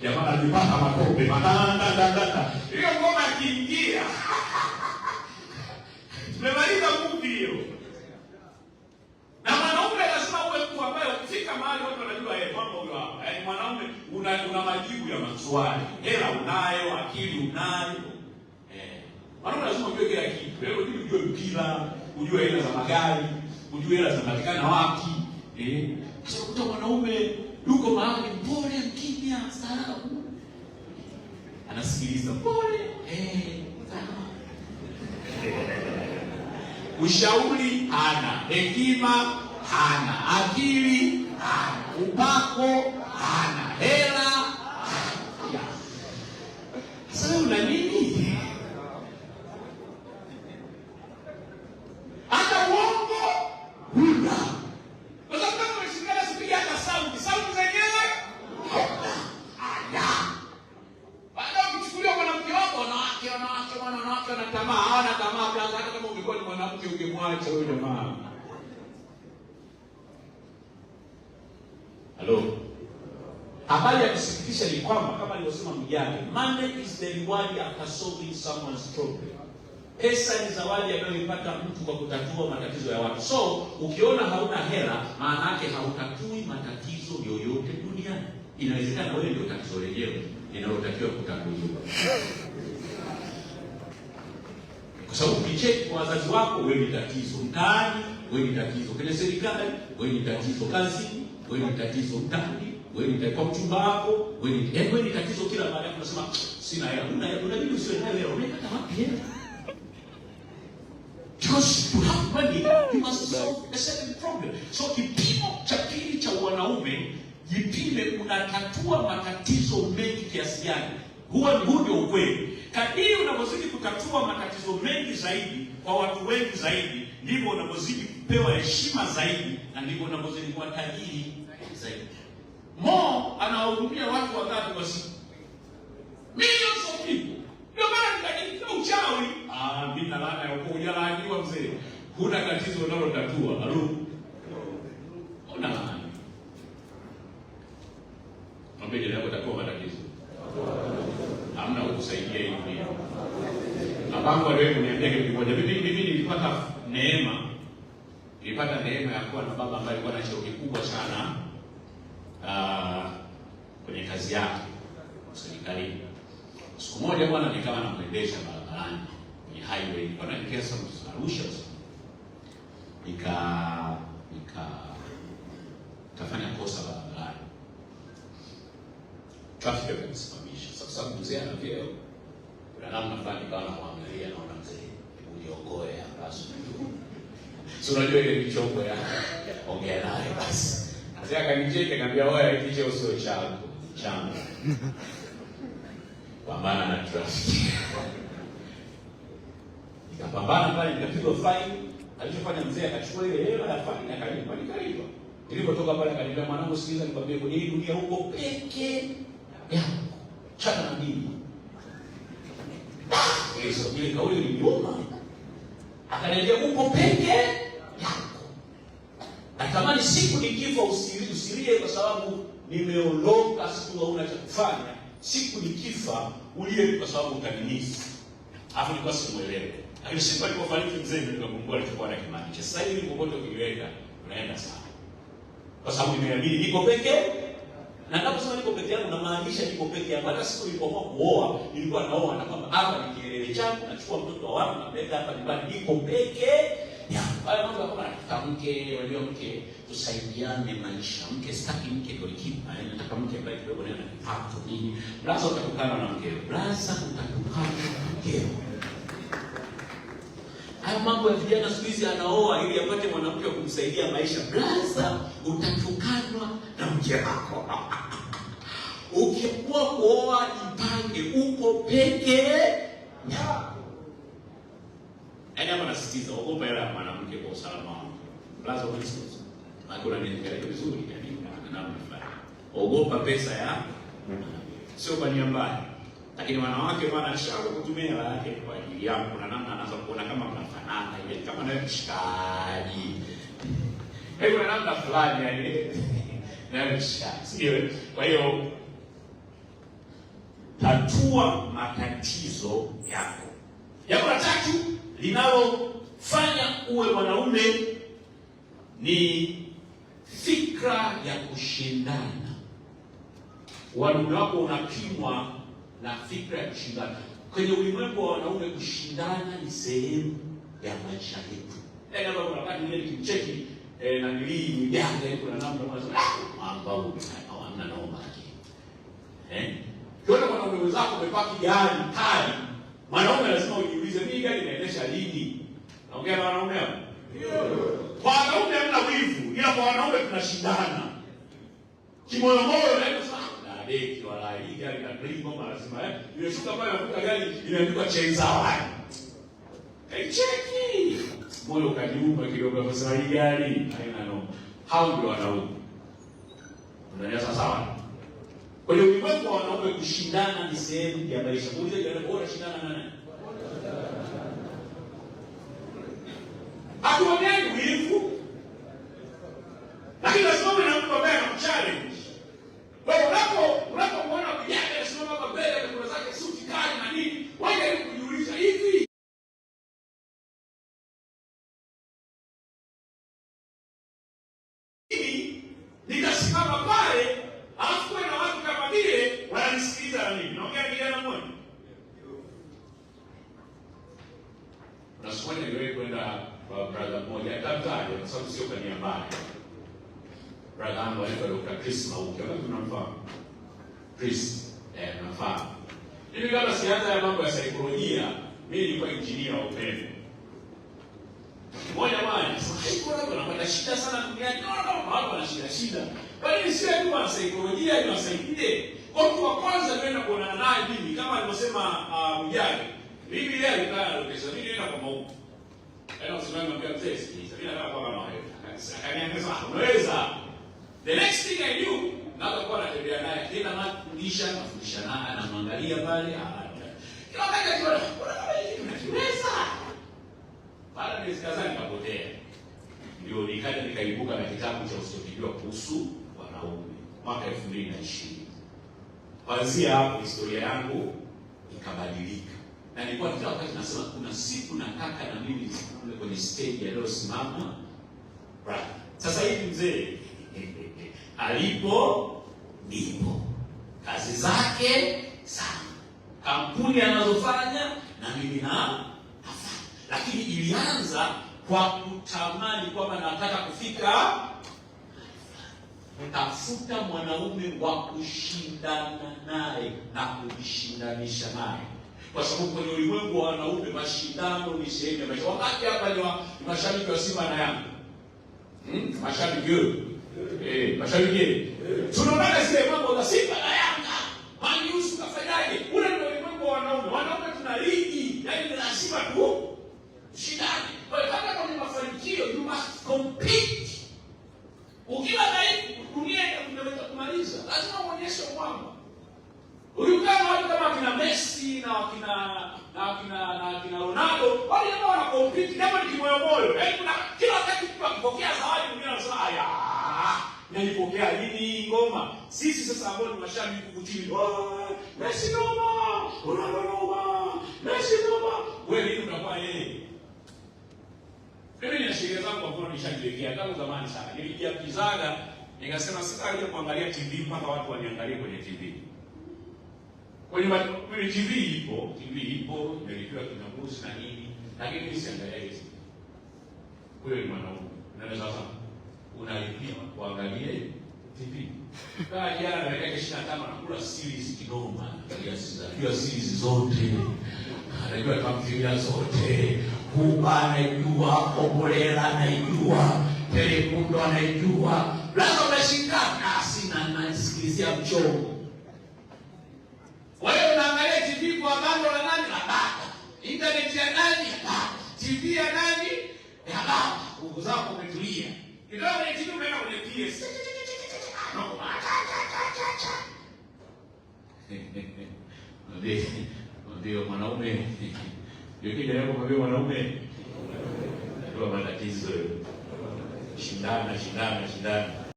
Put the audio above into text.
Jamaa anajipaha makope matandandandanda, hiyo ngoma akiingia tumemaliza muvi hiyo. Na mwanaume lazima uwe mtu ambaye ukifika mahali watu wanajua eh, mwamba huyo hapa, yaani mwanaume una, una majibu ya maswali, hela unayo, akili unayo eh. Mwanaume lazima ujue kila kitu, leo ndio ujue mpira, ujue hela za magari, ujue hela zinapatikana wapi eh. Sasa kuta mwanaume yuko mahali pole, mkimya, staarabu, anasikiliza pole, eh, ushauri hana, hekima hana, akili hana, upako hana, hela hana. Sasa una nini? macho huyo jamaa. Halo. Habari ya kusikitisha ni kwamba kama aliyosema mjane, money is the reward after solving someone's problem. Pesa ni zawadi anayoipata mtu kwa kutatua matatizo ya watu. So ukiona hauna hela, maana yake hautatui matatizo yoyote duniani. Inawezekana wewe ndio tatizo lenyewe linalotakiwa kutatuliwa kwa sababu ukicheki kwa wazazi wako, wewe ni tatizo mtaani, wewe ni tatizo kwenye serikali, wewe ni tatizo kazini, wewe ni tatizo mtaani, wewe ni kwa mchumba wako, wewe ni eh, wewe ni tatizo kila mahali. hapo. Unasema sina hela, una hela, una nini usiwe nayo hela, unaweka wapi hela? Because you have money you must solve a certain problem. So kipimo cha pili cha wanaume, jipime unatatua matatizo mengi kiasi gani. Huo ndio ukweli. Kadiri unavyozidi kutatua matatizo mengi zaidi kwa watu wengi zaidi, ndivyo unavyozidi kupewa heshima zaidi, na ndivyo unavyozidi kuwa tajiri zaidi. Mo anawahudumia watu wangapi kwa siku? Millions of people. Ndio maana nikajikuta uchawi. Ah, mimi na laana ya ukoo hujalaaniwa mzee. Huna tatizo unalotatua, harufu. Ona. Mambo yale yako tatua kusaidia hii dunia. Babangu aliwahi kuniambia kitu kimoja. Mimi mimi nilipata neema, nilipata neema ya kuwa na baba ambaye alikuwa na cheo kikubwa sana uh, kwenye kazi yake serikalini. Siku moja bwana, nikawa namwendesha barabarani kwenye highway, nilikuwa naelekea Arusha, nika nika kafanya kosa barabarani trafiki akanisimamisha. Sasa mzee ana vyeo, kuna namna fulani kawa namwangalia, naona mzee, hebu hapa, si unajua ile michongo ya ongea naye basi. Mzee akanicheka, kaniambia wewe, kicho sio chako changu, pambana na trafiki. Nikapambana pale, nikapigwa faini. Alichofanya mzee akachukua ile hela ya faini akalipa, nikalipa. Nilipotoka pale akaniambia, mwanangu, sikiliza nikwambie, kwenye hii dunia huko peke ya chana na dini. Ile kauli iliniuma, akaniambia uko peke yako, natamani siku nikifa usilie, kwa sababu nimeondoka, siku hauna cha kufanya, siku nikifa ulie, kwa sababu utanimisi. Hapo nilikuwa simuelewe, lakini siku alipofariki mzee nikakumbuka alichokuwa anakimaanisha. Sasa hivi popote ukiweka unaenda sana, kwa sababu nimeamini niko peke na ninaposema niko peke yangu namaanisha niko peke yangu. Hata siku nilipoamua kuoa, nilikuwa naoa na kwamba hapa ni kielele changu, nachukua mtoto wa wangu nampeleka hapa nyumbani, niko peke yangu. Haya mambo kama nataka mke, walio mke, tusaidiane maisha. Mke sitaki mke ndio kipi? yani nataka mke ambaye kidogo naye anataka nini? Brasa utakutana na mkeo. Brasa utakutana na mkeo mambo ya vijana siku hizi, anaoa ili apate mwanamke wa kumsaidia maisha. blaza utatukanwa na mke wako ukikuwa kuoa, ipange uko peke yako. Yaani hapa ogopa hela ya mwanamke kwa usalama wako. Brasa, ulisikuza vizuri, yaani na namna fulani, ogopa pesa ya sio kwa nia mbaya lakini wanawake bwana shauri kutumia hela yake kwa ajili yako. Kuna namna anaweza kuona kama mnafanana ile kama naye mshikaji. Hebu na namna fulani yani na mshikaji. Sio? Kwa hiyo tatua matatizo yako. Jambo la tatu linalofanya uwe mwanaume ni fikra ya kushindana. Wanaume wako unapimwa na fikra ya kushindana. Kwenye ulimwengu wa wanaume, kushindana ni sehemu ya maisha yetu. Yaani eh, kama kuna wakati mwingine kimcheki eh, na nilii mjanga yuko na namna mwanzo ambao hawana naomba eh, kiona mwanaume wenzako umepaki gari kali, mwanaume lazima ujiulize, mimi gari naendesha lini? Naongea na wanaume hapo. Kwa wanaume hamna wivu, ila kwa wanaume tunashindana kimoyomoyo na deki wala hii gari na green mama lazima eh, ile shuka pale mafuta gari inaandikwa chenza imeandikwa Chenzawadi, cheki moyo ukajiumba kidogo, kwa sababu hii gari haina noma. Hao ndio wanaume, unanielewa sawa? Kwa hiyo ulimwengu wa wanaume kushindana ni sehemu ya maisha. Muulize jirani, bora shindana na nani? Hatuonei wivu, lakini lazima Shimoni aliwahi kwenda kwa brother mmoja atamtaje kwa sababu sio kwa nia mbaya. Brother wangu anaitwa Dr. Chris Mauki, kama tunamfahamu Chris, eh, nafahamu. Hivi kama sianza ya mambo ya saikolojia, mimi nilikuwa injinia wa umeme. Moja maji, saikolojia watu wanapata shida sana duniani. Naona kama watu wana shida shida. Kwa nini sio tu wa saikolojia ni wasaidie? Kwa mtu wa kwanza tuenda kuonana naye mimi kama alivyosema ah, mjane. Biblia ilikuwa ukisafiri enda kwa Mungu. Yaani usimame mbele mzee sikiliza. Mimi nataka kwa mama wewe. Akaniambia unaweza. The next thing I knew, naanza kuwa natembea naye kila na kufundisha na kufundisha na anamwangalia pale ah, ah, ah. Kila wakati akiona kuna Baada ya sikaza nikapotea. Ndio nikaja nikaibuka na kitabu cha usichokijua kuhusu wanaume mwaka 2020. Kuanzia hapo historia yangu ikabadilika alikuwa kila wakati nasema kuna siku na kaka na mimi nikule kwenye stage aliyosimama right. Sasa hivi mzee alipo ndipo, kazi zake sana, kampuni anazofanya na mimi na lakini ilianza kwa kutamani kwamba nataka kufika tafuta mwanaume wa kushindana naye na kujishindanisha naye kwa sababu kwenye ulimwengu wa wanaume mashindano ni sehemu ya maisha. Wangapi hapa ni mashabiki wa Simba na Yanga? Hmm? Mashabiki wewe. Eh, mashabiki wewe. Tunaona zile mambo za Simba na Yanga. Mani usu kafanyaje? Ule ndio ulimwengu wa wanaume. Wanaume tuna ligi, yaani ni lazima tu shindane. Kwa hiyo hata kwenye mafanikio you must compete lakini hii ngoma sisi sasa ambao ni mashabiki kukutini, oh, Messi ngoma Ronaldo ngoma Messi ngoma wewe nini unakuwa yeye? Mimi nina sheria zangu ambazo nishajiwekea tangu zamani sana. kizaga nikasema sitakuja kuangalia TV mpaka watu waniangalie kwenye TV. Kwenye kwenye TV ipo, TV ipo, nimelipiwa kinambuzi na nini, lakini mimi siangalia hizi. Wewe ni mwanaume, unaweza sasa unalipia kuangalia hiyo Vipi? Kaa jana na dakika 25 anakula series kidogo Anajua series zote. Anajua tamthilia zote. Kuba anaijua, Kombolela anaijua, Telemundo anaijua. Lazima umeshikana asi na nasikilizia mchongo. Wewe unaangalia TV kwa bando la nani? La baba. Internet ya nani? Ya TV ya nani? Ya baba. Uko zako Kidogo ni TV umeenda kwenye PS. ndio mwanaume ukijaribu mwanaume ndio matatizo, shindana shindana shindana.